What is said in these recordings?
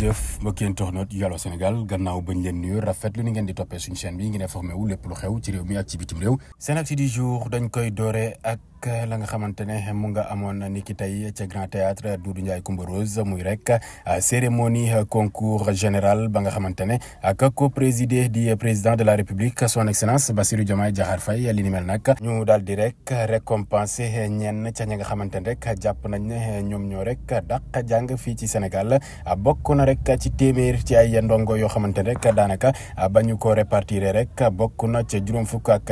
jërëjëf mbokki internet yu Allô Sénégal gannaaw bañ leen nuyu rafet lu ni ngeen di toppee suñu chaîne bi ngeen informé wu lépp lu xew ci réew mi ak ci bitim réew seen actu du jour dañ koy dooree ak rek la nga xamante ne mu nga amoon ni ki tey ca Grand Théâtre Doudou Ndiaye Coumba Rose muy rek euh, cérémonie euh, concours général ba nga xamante ne ak ko présidé di président de la République son excellence Bassirou Diomaye Diakhar Faye li ni mel nag ñu daal di rek récompensé ñenn ca ñi nga xamante ne rek jàpp nañ ne ñoom ñoo rek dàq jàng fii ci Sénégal bokk na rek ci téeméer ci ay ndongo yoo xamante ne rek daanaka ba ñu ko répartir rek bokk na ca juróom fukk ak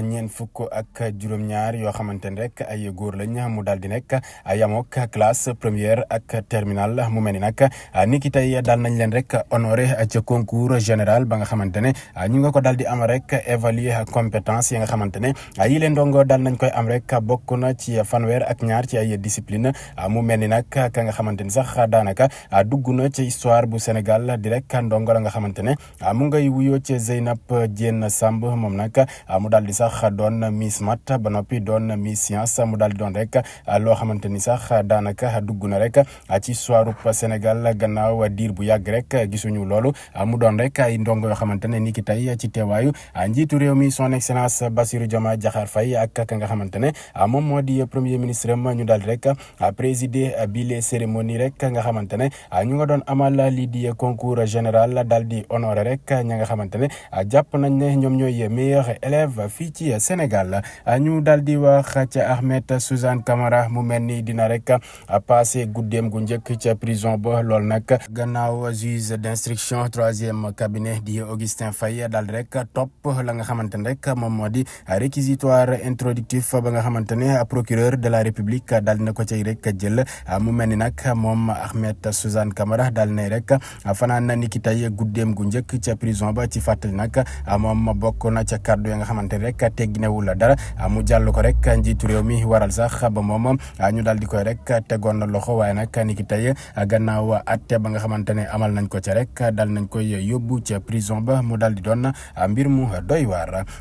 ñeent fukk ak juróom-ñaar yoo xamante ne rek ay góor lañ mu daal di nekk yamook classe première ak terminale mu mel ni nag ni ki tey daal nañ leen rek honoré ca concours général ba nga xamante ne ñu nga ko daal di am rek évaluer compétence yi nga xamante ne yi leen ndongo daal nañ koy am rek bokk na ci fanweer ak ñaar ci ay discipline mu mel ni nag ka nga xamante ni sax daanaka dugg na ci histoire bu Sénégal di rek ndongo la nga xamante ne mu ngay wuyoo ci Zeynab Diène Samb moom nag mu sax doon Miss Math ba noppi doon Miss a mu daal di doon rek loo xamante ni sax daanaka dugg na rek ci soirée Sénégal gannaaw diir bu yàgg rek gisuñu loolu mu doon rek ay ndongo yoo xamante ne ni ki tey ci teewaayu njiitu réew mi son excellence Bassirou Diomaye Diakhar Faye ak ka nga xamante ne moom moo di premier ministre am ñu daal rek présider bi les cérémonie rek nga xamante a ñu nga doon amal lii di concours général daal di honoré rek ña nga xamante ne jàpp nañ ne ñoom ñooy meilleurs élèves fii ci Sénégal ñu daal di wax ca Ahmed Suzanne Camara mu mel ni dina rek passé guddeem gu njëkk ca prison ba lool nag gannaaw juge d'instruction troisième cabinet di Augustin Faye daal rek topp la nga xamante ne rek moom moo di réquisitoire introductif ba nga xamante ne procureur de la République daal dina ko cay rek jël mu mel ni nag moom Ahmed Suzanne Camara daal nay rek fanaan na ni ki tey guddeem gu njëkk ca prison ba ci fàttali nag moom bokk na ca kàddu ya nga xamante ne rek a rek tegginewul dara ah, mu jàll ko rek njiitu réew mi waral sax ba moom ah, ñu daal di koy rek tegoon na loxo waaye nag ni ki tey ah, gannaaw atte ba nga xamante ne amal nañ ko ca rek daal nañ koy yóbbu ca prison ba mu dal di doon a mbir mu doy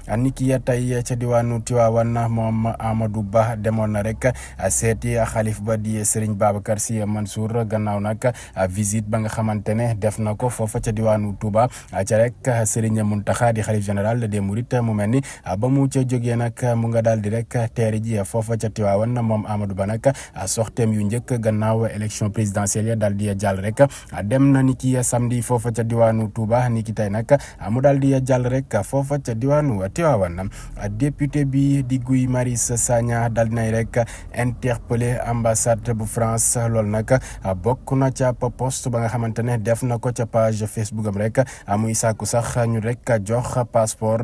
a ni ki tey ca diwaanu Tiwaawan moom Amadou Ba demoon na rek seeti xalif ba di Serigne Babacar Sy Mansour gannaaw nag visite ba nga xamante ne def na ko foofa ca diwaanu Touba ca rek Serigne Mountakha di xalif général des mu ca jógee nag mu nga daal di rek teeri ji foofa ca Tiwaawan moom Amadou Ba nag soxteem yu njëkk gannaaw élection présidentielle daal di jàll rek dem na ni ki samedi foofa ca diwaanu Touba ni ki tey nag mu daal di jàll rek foofa ca diwaanu Tiwaawan député bi di Guy Marius Sagna daal di nay rek interpellé ambassade bu France loolu a bokk na ca poste ba nga xamante ne def na ko ca page Facebook am rek muy sàkku sax ñu rek jox passeport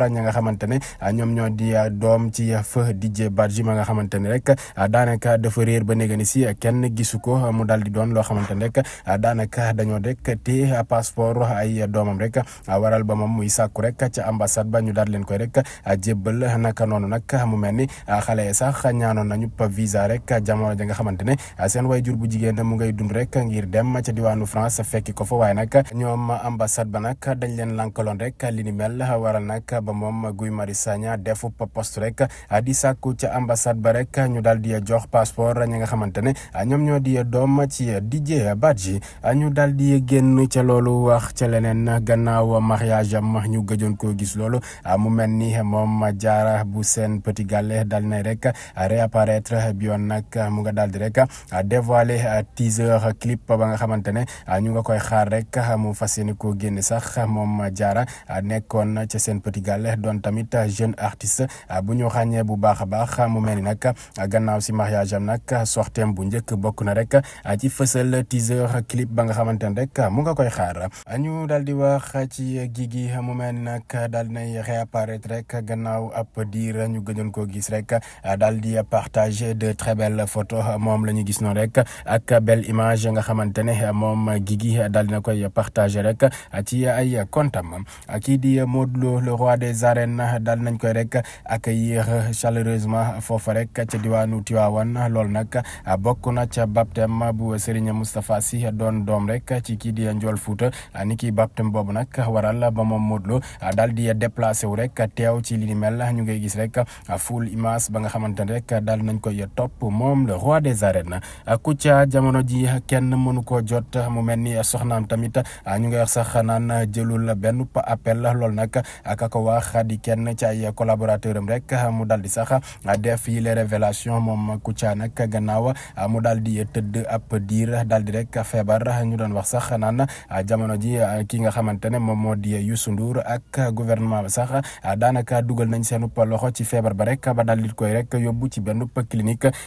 ñoom ñoo a ah, doom ci ah, feu Didier Badji ma nga xamante ne rek ah, daanaka dafa réer ba néegani si kenn gisu ko mu daal di doon loo xamante ne rek daanaka dañoo rek te passeport ay doomam rek waral ba moom muy sàkku rek ca ambassade ba ñu daal leen koy rek jébbal naka noonu nag mu mel ni xale sax ñaanoon nañu visa rek jamono ja nga xamante ne seen wayjur bu jigéen mu ngay dund rek ngir dem ca diwaanu France fekki ko fa waaye nag ñoom ambassade ba a dañ leen lankaloon rek li ni mel waral nag ba moom Guy Marius def poste rek ah, di sàkku ca ambassade ba rek ñu daal di jox passeport ñi nga xamante ne ah, ñoom ñoo di doom ci Didier Badji ah, ñu daal di génn ca loolu wax ca leneen gannaaw mariage am ñu gajoon koo gis loolu mu mel ni moom jaara bu seen petit gàllé daal nay rek réapparaître bi yoon nag mu nga daal di rek dévoiler teaser clip ba nga xamante ne ñu nga koy xaar rek amu fas yéene génn sax moom jaara nekkoon ca seen petit doon tamit jeune artiste euh, bu ñu xàññee bu baax a baax mu mel ni nag gannaaw si mariage am nag sorteem bu njëkk bokk na rek ci fësal teaser clip ba nga xamante ne rek mu nga koy xaar ñu daal di wax ci Guigui mu mel ni nag daal dinay réapparaître rek gannaaw ab a ñu gëjoon koo gis rek daal di partager de très belles moom la ñu gis noonu rek ak belle image nga xamante ne moom Guigui daal na koy partager rek ci ay comptam kii di Modou Lo le roi des arènes daal nañ koy rek accueillir chaleureusement foofa rek ca diwaanu Tivaouane loolu nag bokk na ca baptême bu Serigne Moustapha a doon doom rek ci kii di Ndiol Fouta a ki baptême boobu nag waral ba moom Modou a daal di déplacé wu rek teew ci li a mel ñu ngay gis rek full image ba nga xamante ne rek daal nañ koy topp moom le roi des a ku ca jamono ji kenn mënu ko jot mu mel ni soxnaam tamit ñu ngay wax sax naan a benn appel loolu nag ak ko wax collaborateur am rek mu daal di sax def yi les révélation moom Kouthia nag gannaaw mu dal di tëdd ab diir daal di rek feebar ñu doon wax sax naan jamono ji ki nga xamante ne moom moo di Youssou Ndour ak gouvernement ba sax daanaka dugal nañ seen loxo ci feebar ba rek ba daal di koy rek yobbu ci benn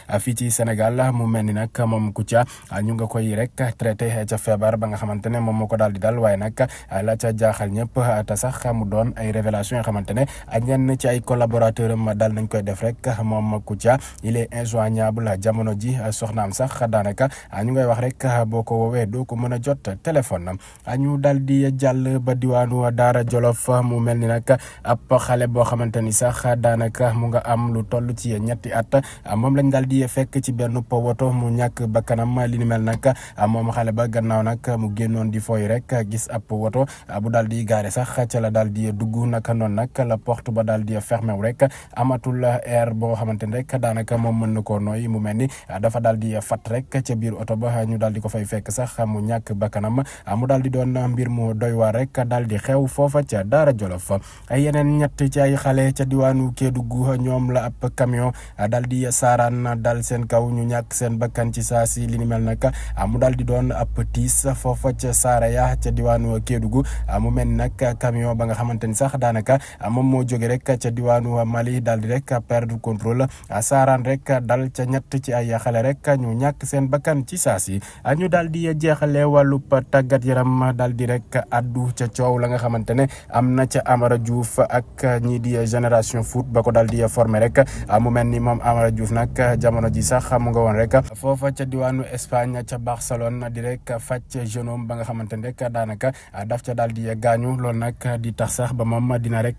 a fii ci Sénégal mu mel ni nag moom Kouthia ñu nga koy rek traité ca feebar ba nga xamante ne moom moo ko daal di dal waaye nag la ca jaaxal ñëpp te sax mu doon ay révélation yoo xamante ne ñenn ci ay collaborateur am daal nañ koy def rek moom Kouthia il est injoignable jamono ji soxnaam sax daanaka ñu ngay wax rek boo ko woowee doo ko mën a jot téléphone ñu daal di jàll ba diwaanu Daara Jolof mu mel ni nag ab xale boo xamante ni sax daanaka mu nga am lu toll ci ñetti at moom lañ daal di fekk ci benn woto mu ñàkk bakkanam li ni mel nag moom xale ba gannaaw nag mu génnoon di fooy rek gis ab woto bu daal di gaare sax ca la daal di dugg naka noonu nag la porte ba daal di fermé wu rek amatul air boo xamante ni rek daanaka moom mën na koo nooy mu mel ni dafa daal di fat rek ca biir oto ba ñu daal di ko fay fekk sax mu ñàkk bakkanam mu daal di doon mbir mu doy waar rek daal di xew foofa ca Daara Jolof ay yeneen ñett ci ay xale ca diwaanu Kédougou ñoom la ab camion daal di saaraan daal seen kaw ñu ñàkk seen bakkan ci saa si li ni mel nag mu daal di doon ap tiis foofa ca Saraya ca diwaanu Kédougou mu mel nag camion ba nga xamante ni sax daanaka moom moo rek ca ca a Mali daal di rek perdre contrôle saaraan rek dal ca ñett ci a xale rek ñu ñàkk seen bakkan ci saa si ñu daal di jeexalee wàllub tàggat yaram daal di rek addu ca coow la nga xamante ne am na ca Amara Diouf ak ñii di génération foot ba ko daal di formé rek mu mel ni moom Amara Diouf nag jamono ji sax mu nga woon rek foofa ca diwaanu Espagne ca Barcelone di rek fàcc genome ba nga xamante ne rek a daf ca daal di gaañu loolu nag ba moom dina rek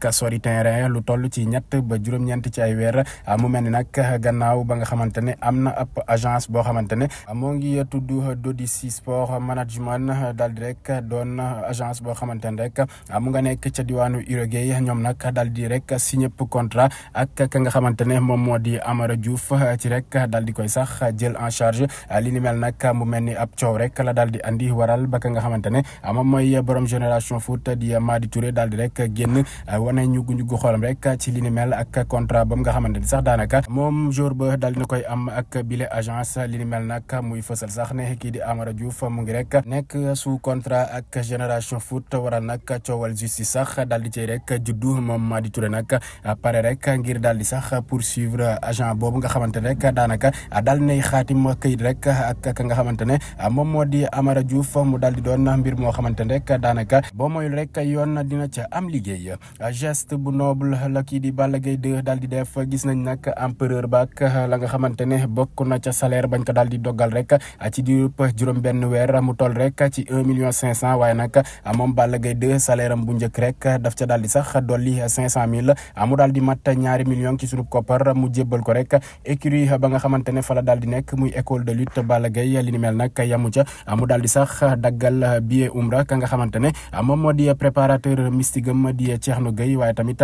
toll ci ñett ba juróom-ñeent ci ay weer ah, mu mel ni nag gannaaw ba nga xamante ne am na ab agence boo xamante ne moo ngi tudd Dodici sport management daal di rek doon agence boo xamante ne rek mu nga nekk ca diwaanu Uruguay ñoom nag daal di rek signé contrat ak ka nga xamante ne moom moo di Amara Diouf ci rek daal di koy sax jël en charge li ni mel nag mu mel ni ab coow rek la daal di andi waral ba ka nga xamante ne moom mooy borom génération foot di Madi Touré daal di rek génn wane ñu gu ñu xoolam rek. nag ci li a mel ak contrat daanaka moom jour ba daal koy am ak bile li ni nag muy fësal sax ne kii di Amara Diouf mu ngi rek nekk sous contrat ak Génération Foot waral nag coowal justice sax daal di cay rek juddu moom Mady Touré nag pare rek ngir daal di sax poursuivre agent boobu nga xamante ne rek daanaka daal nay xaatim këyit rek ak nga xamante ne moom moo di Amara Diouf mu daal di doon mbir moo xamante ne rek daanaka boo moyul rek yoon dina ca am liggéey la kii di Balla Gaye 2 daal di def gis nañ nag empereur baak euh, la nga xamante ne bokk na ca salaire bañ ko daal di doggal rek euh, ci diirub juróom-benn weer mu tol rek ci un million cinq cent waaye nag euh, moom Balla Gaye 2 salaire am bu njëkk rek daf ca daal di sax dolli cinq cent mille mu daal di mat ñaari million ci sunu koppar mu jébbal ko rek écurie ba nga xamante ne fa la daal di nekk muy école de lutte Balla Gaye li ni mel nag yamu ca mu daal di sax daggal billet umra ka nga xamante ne moom moo di préparateur mystique am di Thierno Gueye waaye tamit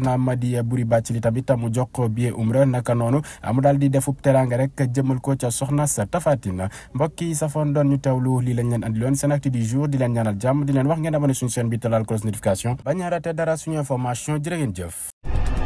soxna Madi Buri Bathily tamit mu jox ko billet umra naka noonu mu daal di defub teraanga rek jëmal ko ca soxna sa tafatina mbokk yi safoon doon ñu teewlu lii lañ leen andiloon loon acte du jour di leen ñaanal jàmm di leen wax ngeen abonné suñu chaîne bi talal cloche notification bañ a raté dara suñu information jërë ngeen jëf